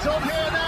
It's on here now.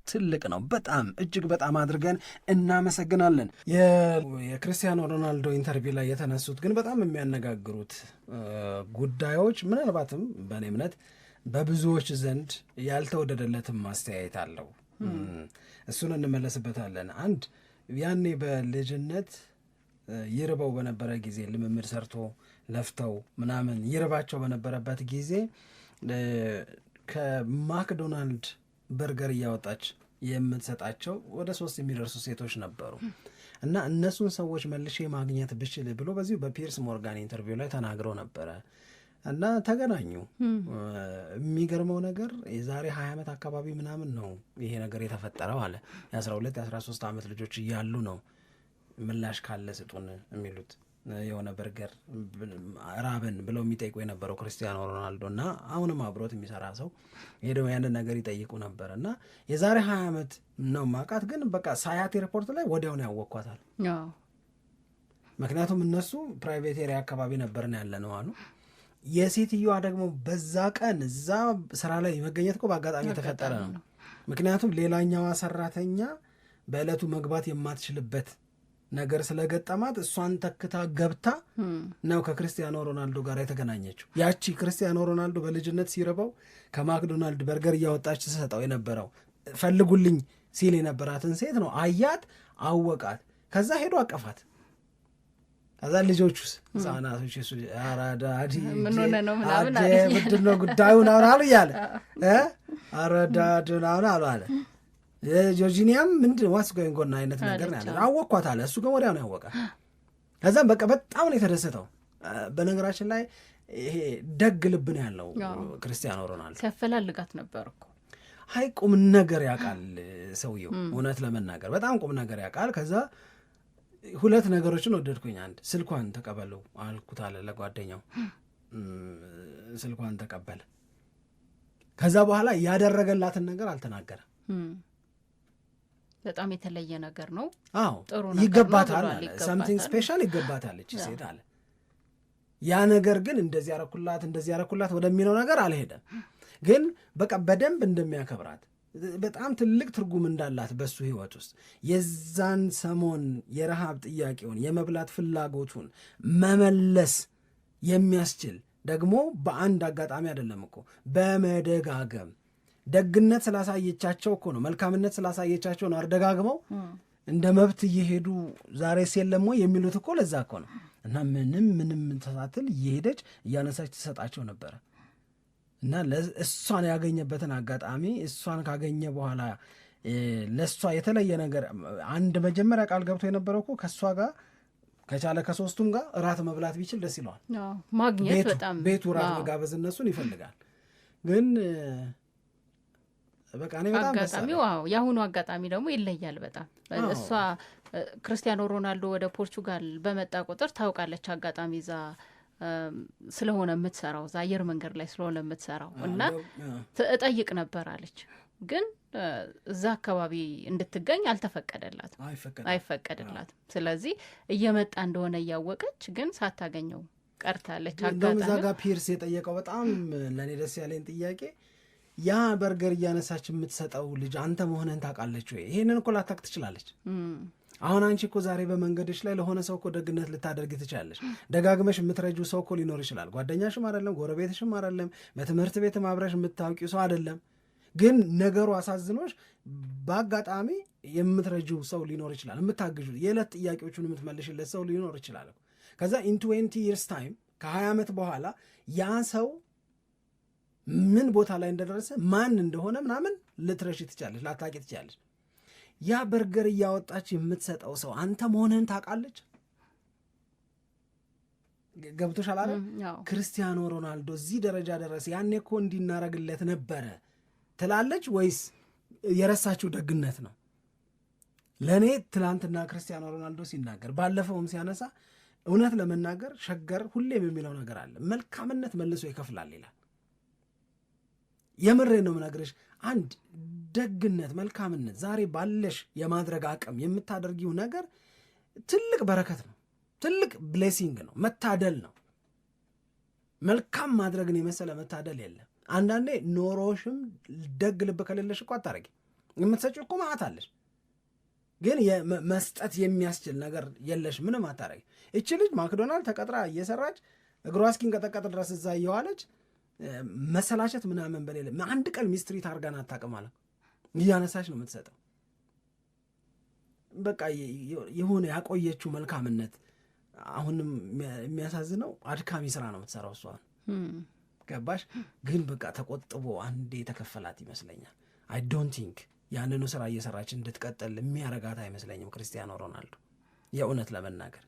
ትልቅ ነው። በጣም እጅግ በጣም አድርገን እናመሰግናለን። የክርስቲያኖ ሮናልዶ ኢንተርቪው ላይ የተነሱት ግን በጣም የሚያነጋግሩት ጉዳዮች ምናልባትም በእኔ እምነት በብዙዎች ዘንድ ያልተወደደለትም ማስተያየት አለው። እሱን እንመለስበታለን። አንድ ያኔ በልጅነት ይርበው በነበረ ጊዜ ልምምድ ሰርቶ ለፍተው ምናምን ይርባቸው በነበረበት ጊዜ ከማክዶናልድ በርገር እያወጣች የምትሰጣቸው ወደ ሶስት የሚደርሱ ሴቶች ነበሩ እና እነሱን ሰዎች መልሼ ማግኘት ብችል ብሎ በዚሁ በፒርስ ሞርጋን ኢንተርቪው ላይ ተናግረው ነበረ እና ተገናኙ። የሚገርመው ነገር የዛሬ ሀያ ዓመት አካባቢ ምናምን ነው ይሄ ነገር የተፈጠረው አለ። የ 12 የአስራ ዓመት ልጆች እያሉ ነው ምላሽ ካለ ስጡን የሚሉት የሆነ በርገር ራብን ብለው የሚጠይቁ የነበረው ክርስቲያኖ ሮናልዶ እና አሁንም አብሮት የሚሰራ ሰው ሄደው ያንን ነገር ይጠይቁ ነበር እና የዛሬ ሀያ ዓመት ነው ማቃት ግን በቃ ሳያት ኤርፖርት ላይ ወዲያውን ያወኳታል። ምክንያቱም እነሱ ፕራይቬት ኤሪያ አካባቢ ነበርን ያለ ነው አሉ። የሴትዮዋ ደግሞ በዛ ቀን እዛ ስራ ላይ መገኘት እኮ በአጋጣሚ የተፈጠረ ነው። ምክንያቱም ሌላኛዋ ሰራተኛ በዕለቱ መግባት የማትችልበት ነገር ስለገጠማት እሷን ተክታ ገብታ ነው ከክርስቲያኖ ሮናልዶ ጋር የተገናኘችው። ያቺ ክርስቲያኖ ሮናልዶ በልጅነት ሲርበው ከማክዶናልድ በርገር እያወጣች ሰጠው የነበረው ፈልጉልኝ ሲል የነበራትን ሴት ነው። አያት፣ አወቃት። ከዛ ሄዶ አቀፋት። ከዛ ልጆቹስ ህጻናቶች አራዳዲ ምንሆነ ነው ጉዳዩን አሉ እያለ አረዳድናሁን አሉ አለ ጆርጂኒያም ምንድ ዋስ ጎንጎና አይነት ነገር ያለ አወቅኳት አለ። እሱ ግን ወዲያው ነው ያወቀ። ከዛም በቃ በጣም ነው የተደሰተው። በነገራችን ላይ ይሄ ደግ ልብ ነው ያለው ክርስቲያኖ ሮናልዶ። ሲያፈላልጋት ነበር እኮ ሀይ ቁም ነገር ያውቃል ሰውየው፣ እውነት ለመናገር በጣም ቁም ነገር ያውቃል። ከዛ ሁለት ነገሮችን ወደድኩኝ። አንድ ስልኳን ተቀበሉ አልኩት አለ ለጓደኛው። ስልኳን ተቀበለ። ከዛ በኋላ ያደረገላትን ነገር አልተናገረም። በጣም የተለየ ነገር ነው። አዎ ጥሩ ይገባታል፣ ሳምቲንግ ስፔሻል ይገባታለች ሴት አለ። ያ ነገር ግን እንደዚህ ያረኩላት እንደዚህ ያረኩላት ወደሚለው ነገር አልሄደም። ግን በቃ በደንብ እንደሚያከብራት በጣም ትልቅ ትርጉም እንዳላት በሱ ህይወት ውስጥ የዛን ሰሞን የረሃብ ጥያቄውን የመብላት ፍላጎቱን መመለስ የሚያስችል ደግሞ በአንድ አጋጣሚ አይደለም እኮ በመደጋገም ደግነት ስላሳየቻቸው እኮ ነው መልካምነት ስላሳየቻቸው ነው አርደጋግመው እንደ መብት እየሄዱ ዛሬ ሴለሞ የሚሉት እኮ ለዛ እኮ ነው። እና ምንም ምንም ተሳትል እየሄደች እያነሳች ትሰጣቸው ነበረ እና እሷን ያገኘበትን አጋጣሚ እሷን ካገኘ በኋላ ለእሷ የተለየ ነገር አንድ መጀመሪያ ቃል ገብቶ የነበረው እኮ ከእሷ ጋር ከቻለ ከሶስቱም ጋር እራት መብላት ቢችል ደስ ይለዋል። ማግኘት በጣም ቤቱ እራት መጋበዝ እነሱን ይፈልጋል ግን አጋጣሚ ዋው የአሁኑ አጋጣሚ ደግሞ ይለያል በጣም እሷ ክርስቲያኖ ሮናልዶ ወደ ፖርቹጋል በመጣ ቁጥር ታውቃለች አጋጣሚ ዛ ስለሆነ የምትሰራው እዛ አየር መንገድ ላይ ስለሆነ የምትሰራው እና እጠይቅ ነበር አለች ግን እዛ አካባቢ እንድትገኝ አልተፈቀደላትም አይፈቀድላትም ስለዚህ እየመጣ እንደሆነ እያወቀች ግን ሳታገኘው ቀርታለች አጋጣሚ እዛ ጋር ፒርስ የጠየቀው በጣም ለእኔ ደስ ያለኝ ጥያቄ ያ በርገር እያነሳች የምትሰጠው ልጅ አንተ መሆንህን ታውቃለች ወይ? ይሄንን እኮ ላታክ ትችላለች። አሁን አንቺ እኮ ዛሬ በመንገድሽ ላይ ለሆነ ሰው እኮ ደግነት ልታደርግ ትችላለች። ደጋግመሽ የምትረጁ ሰው እኮ ሊኖር ይችላል። ጓደኛሽም አይደለም፣ ጎረቤትሽም አይደለም፣ በትምህርት ቤት አብረሽ የምታውቂው ሰው አይደለም። ግን ነገሩ አሳዝኖች በአጋጣሚ የምትረጁ ሰው ሊኖር ይችላል። የምታግዡ የዕለት ጥያቄዎቹን የምትመልሽለት ሰው ሊኖር ይችላል። ከዛ ኢን ትዌንቲ ይርስ ታይም ከሀያ ዓመት በኋላ ያ ሰው ምን ቦታ ላይ እንደደረሰ ማን እንደሆነ ምናምን ልትረሽ ትችላለች፣ ላታቂ ትችላለች። ያ በርገር እያወጣች የምትሰጠው ሰው አንተ መሆንህን ታውቃለች። ገብቶሻል አለ ክርስቲያኖ ሮናልዶ እዚህ ደረጃ ደረሰ፣ ያኔ እኮ እንዲናረግለት ነበረ ትላለች ወይስ የረሳችው ደግነት ነው? ለእኔ ትናንትና ክርስቲያኖ ሮናልዶ ሲናገር ባለፈውም ሲያነሳ እውነት ለመናገር ሸገር ሁሌም የሚለው ነገር አለ፣ መልካምነት መልሶ ይከፍላል ይላል። የምሬ ነው ምነግርሽ። አንድ ደግነት፣ መልካምነት ዛሬ ባለሽ የማድረግ አቅም የምታደርጊው ነገር ትልቅ በረከት ነው፣ ትልቅ ብሌሲንግ ነው፣ መታደል ነው። መልካም ማድረግን የመሰለ መታደል የለም። አንዳንዴ ኖሮሽም ደግ ልብ ከሌለሽ እኮ አታረጊ። የምትሰጪው እኮ ማዕት አለሽ፣ ግን መስጠት የሚያስችል ነገር የለሽ። ምንም አታረጊ። እቺ ልጅ ማክዶናልድ ተቀጥራ እየሰራች እግሯ እስኪንቀጠቀጥ ድረስ እዛ እየዋለች መሰላቸት ምናምን በሌለ አንድ ቀን ሚስትሪት ታርጋን አታውቅም አለ እያነሳች ነው የምትሰጠው። በቃ የሆነ ያቆየችው መልካምነት አሁንም የሚያሳዝነው አድካሚ ስራ ነው የምትሰራው እሷ hmm. ገባሽ። ግን በቃ ተቆጥቦ አንድ የተከፈላት ይመስለኛል። አይ ዶንት ቲንክ ያንኑ ስራ እየሰራች እንድትቀጥል የሚያረጋት አይመስለኝም ክርስቲያኖ ሮናልዶ የእውነት ለመናገር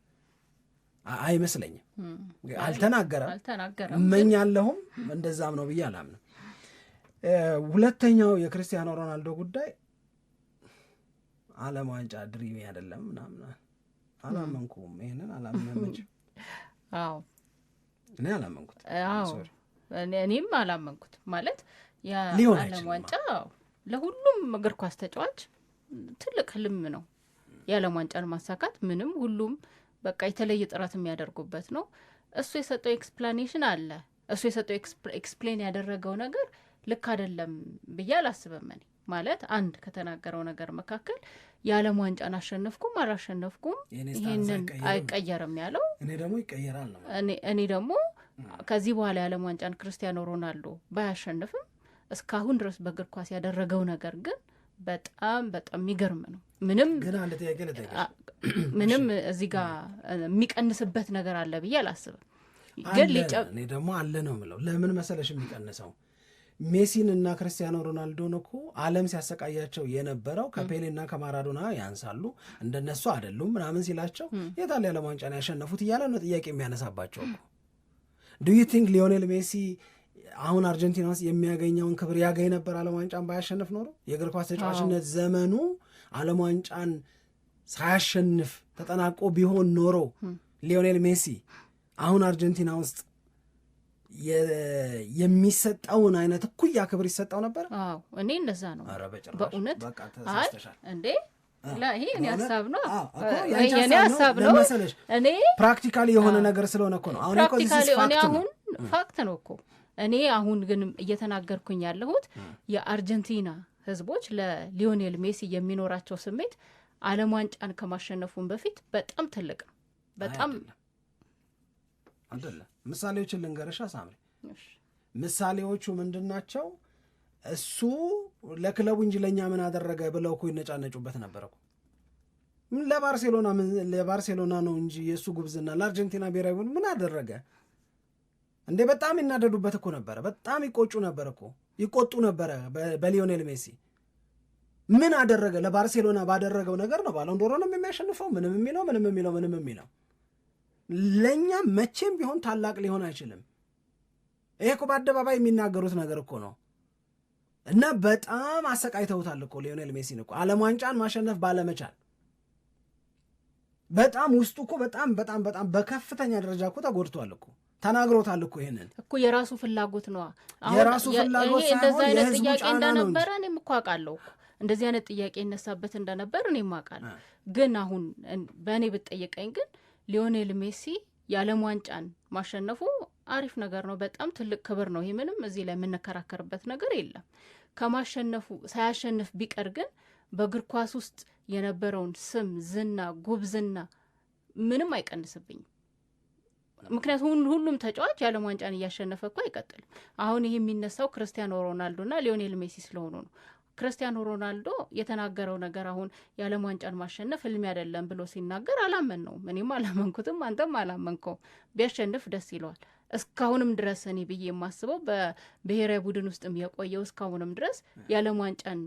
አይመስለኝም። አልተናገረም፣ እመኛለሁም እንደዛም ነው ብዬ አላምንም። ሁለተኛው የክርስቲያኖ ሮናልዶ ጉዳይ ዓለም ዋንጫ ድሪሜ አይደለም ምናምን አላመንኩም። ይህንን አላመመች እኔ አላመንኩት፣ እኔም አላመንኩት። ማለት የዓለም ዋንጫ ለሁሉም እግር ኳስ ተጫዋች ትልቅ ህልም ነው። የዓለም ዋንጫን ማሳካት ምንም ሁሉም በቃ የተለየ ጥረት የሚያደርጉበት ነው። እሱ የሰጠው ኤክስፕላኔሽን አለ። እሱ የሰጠው ኤክስፕሌን ያደረገው ነገር ልክ አይደለም ብዬ አላስብም። እኔ ማለት አንድ ከተናገረው ነገር መካከል የዓለም ዋንጫን አሸነፍኩም አላሸነፍኩም ይህንን አይቀየርም ያለው እኔ ደግሞ ይቀየራል እኔ ደግሞ ከዚህ በኋላ የዓለም ዋንጫን ክርስቲያኖ ሮናልዶ ባያሸንፍም እስካሁን ድረስ በእግር ኳስ ያደረገው ነገር ግን በጣም በጣም የሚገርም ነው። ምንም ግን አንድ ጥያቄ ምንም እዚህ ጋር የሚቀንስበት ነገር አለ ብዬ አላስብም። ግን እኔ ደግሞ አለ ነው የምለው። ለምን መሰለሽ የሚቀንሰው ሜሲን እና ክርስቲያኖ ሮናልዶን እኮ ዓለም ሲያሰቃያቸው የነበረው ከፔሌና ከማራዶና ያንሳሉ እንደነሱ አይደሉም ምናምን ሲላቸው የታለ ያለም ዋንጫን ያሸነፉት እያለ ነው ጥያቄ የሚያነሳባቸው እኮ። ዱ ዩ ቲንክ ሊዮኔል ሜሲ አሁን አርጀንቲና ውስጥ የሚያገኘውን ክብር ያገኝ ነበር ዓለም ዋንጫን ባያሸንፍ ኖሮ? የእግር ኳስ ተጫዋችነት ዘመኑ ዓለም ዋንጫን ሳያሸንፍ ተጠናቆ ቢሆን ኖሮ ሊዮኔል ሜሲ አሁን አርጀንቲና ውስጥ የሚሰጠውን አይነት እኩያ ክብር ይሰጠው ነበር። አዎ እኔ እንደዛ ነው በእውነት እንዴ ይሄ ሀሳብ ነው የእኔ ሀሳብ ነው እኔ ፕራክቲካሊ የሆነ ነገር ስለሆነ እኮ ነው። አሁን አሁን ፋክት ነው እኮ እኔ አሁን ግን እየተናገርኩኝ ያለሁት የአርጀንቲና ህዝቦች ለሊዮኔል ሜሲ የሚኖራቸው ስሜት ዓለም ዋንጫን ከማሸነፉን በፊት በጣም ትልቅ ነው። በጣም አይደለ? ምሳሌዎችን ልንገርሻ ሳምሪ፣ ምሳሌዎቹ ምንድን ናቸው? እሱ ለክለቡ እንጂ ለእኛ ምን አደረገ ብለው እኮ ይነጫነጩበት ነበር እኮ ለባርሴሎና ለባርሴሎና ነው እንጂ የእሱ ጉብዝና ለአርጀንቲና ብሔራዊ ቡድን ምን አደረገ እንዴ? በጣም ይናደዱበት እኮ ነበረ። በጣም ይቆጩ ነበር እኮ ይቆጡ ነበረ በሊዮኔል ሜሲ ምን አደረገ? ለባርሴሎና ባደረገው ነገር ነው ባሎንዶሮንም የሚያሸንፈው ምንም የሚለው ምንም የሚለው ምንም የሚለው ለእኛ መቼም ቢሆን ታላቅ ሊሆን አይችልም። ይሄ እኮ በአደባባይ የሚናገሩት ነገር እኮ ነው። እና በጣም አሰቃይተውታል እኮ ሊዮኔል ሜሲን እኮ ዓለም ዋንጫን ማሸነፍ ባለመቻል በጣም ውስጡ እኮ በጣም በጣም በጣም በከፍተኛ ደረጃ እኮ ተጎድቷል እኮ ተናግሮታል እኮ ይህንን እኮ የራሱ ፍላጎት ነዋ። የራሱ ፍላጎት ሳይሆን የህዝቡ ጫና ነው። እንጂ እንደነበረ እኔም እኮ አውቃለሁ እንደዚህ አይነት ጥያቄ ይነሳበት እንደነበር እኔ ማቃል። ግን አሁን በእኔ ብትጠይቀኝ ግን ሊዮኔል ሜሲ የዓለም ዋንጫን ማሸነፉ አሪፍ ነገር ነው። በጣም ትልቅ ክብር ነው። ይህ ምንም እዚህ ላይ የምንከራከርበት ነገር የለም። ከማሸነፉ ሳያሸንፍ ቢቀር ግን በእግር ኳስ ውስጥ የነበረውን ስም፣ ዝና፣ ጉብዝና ምንም አይቀንስብኝም። ምክንያቱም ሁሉም ተጫዋች የዓለም ዋንጫን እያሸነፈ እኮ አይቀጥልም። አሁን ይህ የሚነሳው ክርስቲያኖ ሮናልዶና ሊዮኔል ሜሲ ስለሆኑ ነው። ክርስቲያኖ ሮናልዶ የተናገረው ነገር አሁን የዓለም ዋንጫን ማሸነፍ ህልሜ አይደለም ብሎ ሲናገር አላመን ነው። እኔም አላመንኩትም፣ አንተም አላመንከው። ቢያሸንፍ ደስ ይለዋል። እስካሁንም ድረስ እኔ ብዬ የማስበው በብሔራዊ ቡድን ውስጥም የቆየው እስካሁንም ድረስ የዓለም ዋንጫን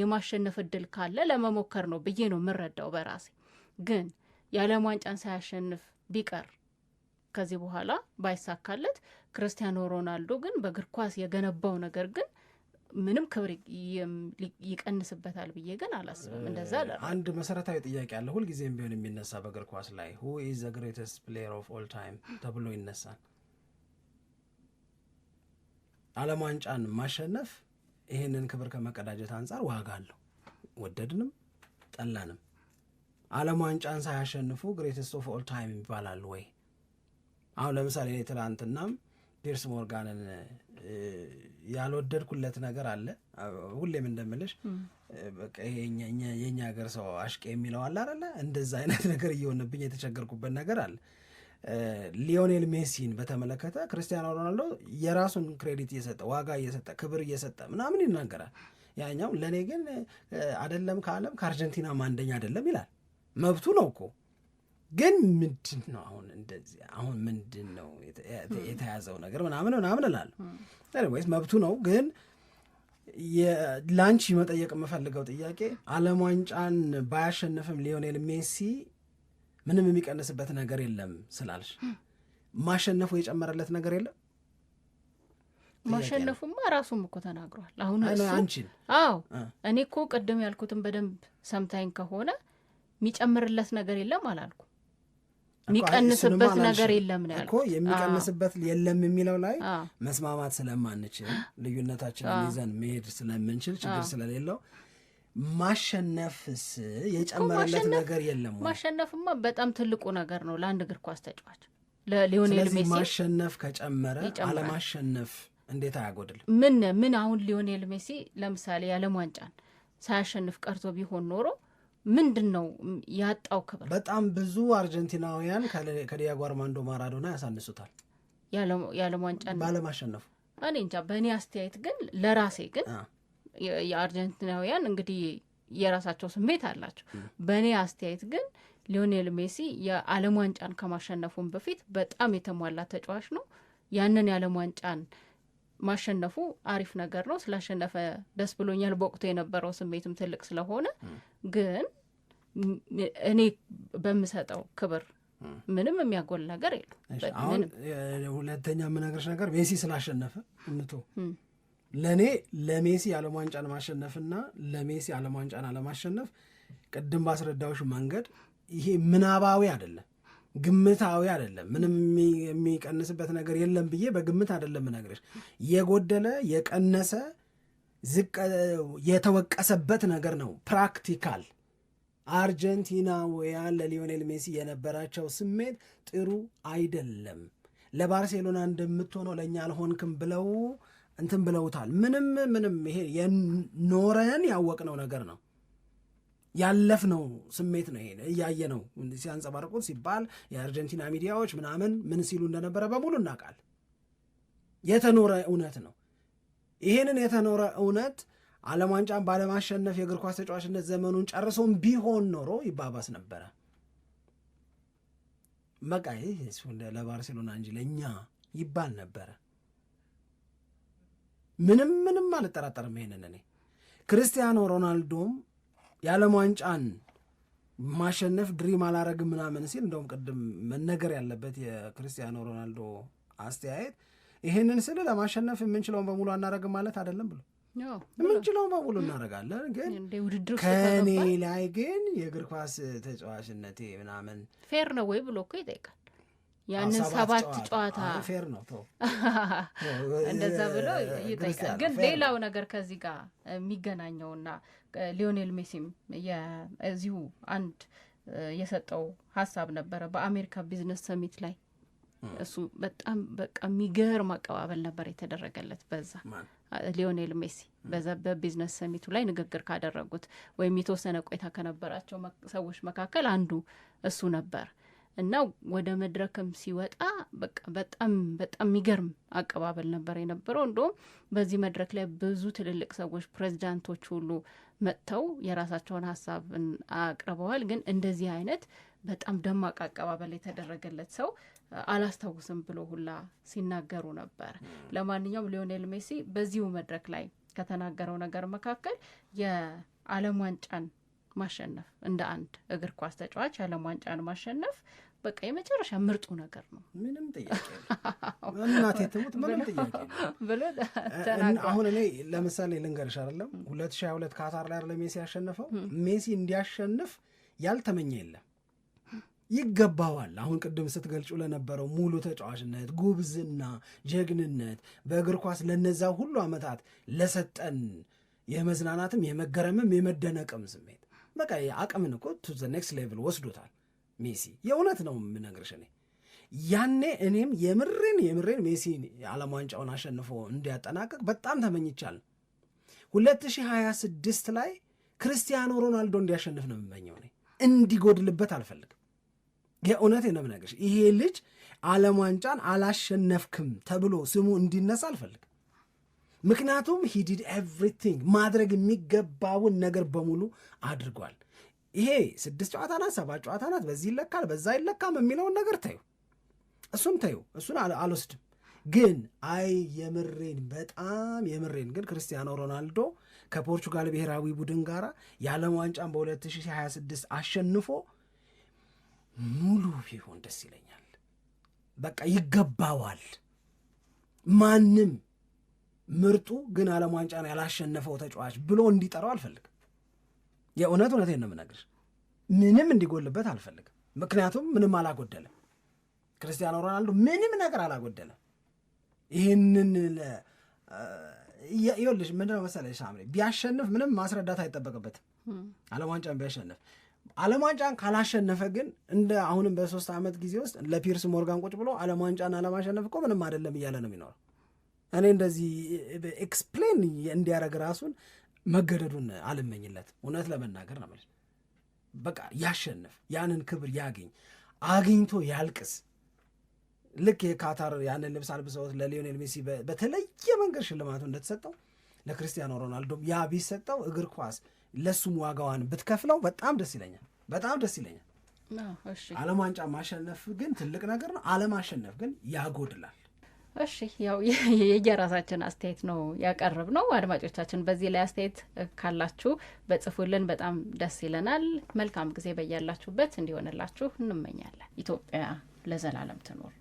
የማሸነፍ እድል ካለ ለመሞከር ነው ብዬ ነው የምረዳው በራሴ። ግን የዓለም ዋንጫን ሳያሸንፍ ቢቀር ከዚህ በኋላ ባይሳካለት ክርስቲያኖ ሮናልዶ ግን በእግር ኳስ የገነባው ነገር ግን ምንም ክብር ይቀንስበታል ብዬ ግን አላስብም። እንደዛ አንድ መሰረታዊ ጥያቄ አለ፣ ሁልጊዜም ቢሆን የሚነሳ በእግር ኳስ ላይ ሁ ኢዝ ዘ ግሬተስት ፕሌየር ኦፍ ኦል ታይም ተብሎ ይነሳል። ዓለም ዋንጫን ማሸነፍ ይህንን ክብር ከመቀዳጀት አንጻር ዋጋ አለው። ወደድንም ጠላንም ዓለም ዋንጫን ሳያሸንፉ ግሬተስት ኦፍ ኦል ታይም ይባላል ወይ? አሁን ለምሳሌ ትላንትናም ዴርስ ሞርጋንን ያልወደድኩለት ነገር አለ። ሁሌም እንደምልሽ የእኛ ሀገር ሰው አሽቄ የሚለው አለ አለ እንደዛ አይነት ነገር እየሆነብኝ የተቸገርኩበት ነገር አለ። ሊዮኔል ሜሲን በተመለከተ ክርስቲያኖ ሮናልዶ የራሱን ክሬዲት እየሰጠ ዋጋ እየሰጠ ክብር እየሰጠ ምናምን ይናገራል። ያኛው ለእኔ ግን አደለም ከዓለም ከአርጀንቲናም አንደኛ አደለም ይላል። መብቱ ነው እኮ ግን ምንድን ነው አሁን እንደዚህ አሁን ምንድን ነው የተያዘው ነገር ምናምን ምናምን እላለሁ። ወይስ መብቱ ነው። ግን ለአንቺ መጠየቅ የምፈልገው ጥያቄ ዓለም ዋንጫን ባያሸንፍም ሊዮኔል ሜሲ ምንም የሚቀንስበት ነገር የለም ስላልሽ ማሸነፉ የጨመረለት ነገር የለም። ማሸነፉማ ራሱም እኮ ተናግሯል። አሁን አንቺን አዎ፣ እኔ እኮ ቅድም ያልኩትን በደንብ ሰምታኝ ከሆነ የሚጨምርለት ነገር የለም አላልኩ የሚቀንስበት ነገር የለም ነው እኮ የሚቀንስበት የለም የሚለው ላይ መስማማት ስለማንችል ልዩነታችንን ይዘን መሄድ ስለምንችል ችግር ስለሌለው ማሸነፍስ የጨመረለት ነገር የለም። ማሸነፍማ በጣም ትልቁ ነገር ነው ለአንድ እግር ኳስ ተጫዋች ለሊዮኔል ሜሲ ማሸነፍ ከጨመረ አለማሸነፍ እንዴት አያጎድልም? ምን ምን አሁን ሊዮኔል ሜሲ ለምሳሌ የዓለም ዋንጫን ሳያሸንፍ ቀርቶ ቢሆን ኖሮ ምንድን ነው ያጣው ክብር? በጣም ብዙ አርጀንቲናውያን ከዲያጎ አርማንዶ ማራዶና ያሳንሱታል የዓለም ዋንጫ ባለማሸነፉ። እኔ እንጃ፣ በእኔ አስተያየት ግን ለራሴ ግን የአርጀንቲናውያን እንግዲህ የራሳቸው ስሜት አላቸው። በእኔ አስተያየት ግን ሊዮኔል ሜሲ የዓለም ዋንጫን ከማሸነፉን በፊት በጣም የተሟላ ተጫዋች ነው። ያንን የዓለም ዋንጫን ማሸነፉ አሪፍ ነገር ነው። ስላሸነፈ ደስ ብሎኛል። በወቅቱ የነበረው ስሜትም ትልቅ ስለሆነ ግን እኔ በምሰጠው ክብር ምንም የሚያጎል ነገር የለም። አሁን ሁለተኛ የምነግርሽ ነገር ሜሲ ስላሸነፈ እንቶ ለእኔ ለሜሲ ዓለም ዋንጫን ማሸነፍና ለሜሲ ዓለም ዋንጫን አለማሸነፍ ቅድም ባስረዳዎች መንገድ ይሄ ምናባዊ አይደለም። ግምታዊ አይደለም። ምንም የሚቀንስበት ነገር የለም ብዬ በግምት አይደለም እነግርሽ። የጎደለ የቀነሰ ዝቅ የተወቀሰበት ነገር ነው። ፕራክቲካል አርጀንቲናውያን ለሊዮኔል ሜሲ የነበራቸው ስሜት ጥሩ አይደለም። ለባርሴሎና እንደምትሆነው ለእኛ አልሆንክም ብለው እንትን ብለውታል። ምንም ምንም ይሄ የኖረን ያወቅነው ነገር ነው። ያለፍነው ስሜት ነው። ይሄ እያየ ነው ሲያንጸባርቁት ሲባል የአርጀንቲና ሚዲያዎች ምናምን ምን ሲሉ እንደነበረ በሙሉ እናውቃል። የተኖረ እውነት ነው። ይህንን የተኖረ እውነት ዓለም ዋንጫን ባለማሸነፍ የእግር ኳስ ተጫዋችነት ዘመኑን ጨርሶም ቢሆን ኖሮ ይባባስ ነበረ። በቃ ይህ ለባርሴሎና እንጂ ለእኛ ይባል ነበረ። ምንም ምንም አልጠራጠርም። ይሄንን እኔ ክርስቲያኖ ሮናልዶም የዓለም ዋንጫን ማሸነፍ ድሪም አላረግም ምናምን ሲል እንደውም ቅድም መነገር ያለበት የክርስቲያኖ ሮናልዶ አስተያየት ይህንን ስል ለማሸነፍ የምንችለውን በሙሉ አናረግም ማለት አይደለም ብሎ የምንችለውን በሙሉ እናረጋለን፣ ግን ከእኔ ላይ ግን የእግር ኳስ ተጫዋችነቴ ምናምን ፌር ነው ወይ ብሎ እኮ ይጠይቃል። ያንን ሰባት ጨዋታ ፌር ነው እንደዛ ብሎ ይጠይቃል። ግን ሌላው ነገር ከዚህ ጋር የሚገናኘውና ሊዮኔል ሜሲም እዚሁ አንድ የሰጠው ሀሳብ ነበረ በአሜሪካ ቢዝነስ ሰሚት ላይ እሱ በጣም በቃ የሚገርም አቀባበል ነበር የተደረገለት በዛ ሊዮኔል ሜሲ በዛ በቢዝነስ ሰሚቱ ላይ ንግግር ካደረጉት ወይም የተወሰነ ቆይታ ከነበራቸው ሰዎች መካከል አንዱ እሱ ነበር። እና ወደ መድረክም ሲወጣ በቃ በጣም በጣም የሚገርም አቀባበል ነበር የነበረው። እንዲሁም በዚህ መድረክ ላይ ብዙ ትልልቅ ሰዎች ፕሬዚዳንቶች ሁሉ መጥተው የራሳቸውን ሀሳብ አቅርበዋል። ግን እንደዚህ አይነት በጣም ደማቅ አቀባበል የተደረገለት ሰው አላስታውስም ብሎ ሁላ ሲናገሩ ነበር። ለማንኛውም ሊዮኔል ሜሲ በዚሁ መድረክ ላይ ከተናገረው ነገር መካከል የዓለም ዋንጫን ማሸነፍ እንደ አንድ እግር ኳስ ተጫዋች ዓለም ዋንጫን ማሸነፍ በቃ የመጨረሻ ምርጡ ነገር ነው። ምንም ጥያቄ እናቴ ትሙት ምንም ጥያቄ አሁን እኔ ለምሳሌ ልንገርሽ አይደለም ሁለት ሺህ ሁለት ካታር ላይ አይደለም ሜሲ ያሸነፈው። ሜሲ እንዲያሸንፍ ያልተመኘ የለም ይገባዋል። አሁን ቅድም ስትገልጩ ለነበረው ሙሉ ተጫዋችነት፣ ጉብዝና፣ ጀግንነት በእግር ኳስ ለነዛ ሁሉ ዓመታት ለሰጠን የመዝናናትም የመገረምም የመደነቅም ስሜት በቃ የአቅምን እኮ ቱ ዘ ኔክስት ሌቭል ወስዶታል ሜሲ። የእውነት ነው የምነግርሽ እኔ ያኔ እኔም የምሬን የምሬን ሜሲ የዓለም ዋንጫውን አሸንፎ እንዲያጠናቀቅ በጣም ተመኝቻለሁ። 2026 ላይ ክርስቲያኖ ሮናልዶ እንዲያሸንፍ ነው የምመኘው እኔ እንዲጎድልበት አልፈልግም። የእውነት ነው የምነግርሽ ይሄ ልጅ ዓለም ዋንጫን አላሸነፍክም ተብሎ ስሙ እንዲነሳ አልፈልግም። ምክንያቱም ሂዲድ ኤቭሪቲንግ ማድረግ የሚገባውን ነገር በሙሉ አድርጓል። ይሄ ስድስት ጨዋታ ናት፣ ሰባት ጨዋታ ናት፣ በዚህ ይለካል፣ በዛ ይለካም የሚለውን ነገር ተዩ፣ እሱን ተዩ፣ እሱን አልወስድም። ግን አይ የምሬን በጣም የምሬን ግን ክርስቲያኖ ሮናልዶ ከፖርቹጋል ብሔራዊ ቡድን ጋር የዓለም ዋንጫን በ2026 አሸንፎ ሙሉ ቢሆን ደስ ይለኛል። በቃ ይገባዋል ማንም ምርጡ ግን ዓለም ነው ያላሸነፈው ተጫዋች ብሎ እንዲጠራው አልፈልግም። የእውነት እውነት ነው የምነግርሽ። ምንም እንዲጎልበት አልፈልግም። ምክንያቱም ምንም አላጎደለም። ክርስቲያኖ ሮናልዶ ምንም ነገር አላጎደለም። ይህንን ይኸውልሽ ምንድነው መሰለሽ ሳምሪ ቢያሸንፍ ምንም ማስረዳት አይጠበቅበትም። ዓለም ዋንጫን ቢያሸንፍ ዓለም ዋንጫን ካላሸነፈ ግን እንደ አሁንም በሶስት ዓመት ጊዜ ውስጥ ለፒርስ ሞርጋን ቁጭ ብሎ ዓለም ዋንጫን አለማሸነፍ እኮ ምንም አይደለም እያለ ነው የሚኖረው። እኔ እንደዚህ ኤክስፕሌን እንዲያደረግ ራሱን መገደዱን አልመኝለት። እውነት ለመናገር ነው ማለት በቃ ያሸንፍ፣ ያንን ክብር ያገኝ፣ አግኝቶ ያልቅስ። ልክ የካታር ያንን ልብስ አልብሰውት ለሊዮኔል ሜሲ በተለየ መንገድ ሽልማቱ እንደተሰጠው ለክርስቲያኖ ሮናልዶም ያ ቢሰጠው እግር ኳስ ለሱም ዋጋዋን ብትከፍለው በጣም ደስ ይለኛል፣ በጣም ደስ ይለኛል። ዓለም ዋንጫ ማሸነፍ ግን ትልቅ ነገር ነው። አለማሸነፍ ግን ያጎድላል። እሺ ያው የየራሳችን አስተያየት ነው ያቀርብ ነው። አድማጮቻችን በዚህ ላይ አስተያየት ካላችሁ በጽፉልን፣ በጣም ደስ ይለናል። መልካም ጊዜ በያላችሁበት እንዲሆንላችሁ እንመኛለን። ኢትዮጵያ ለዘላለም ትኖር።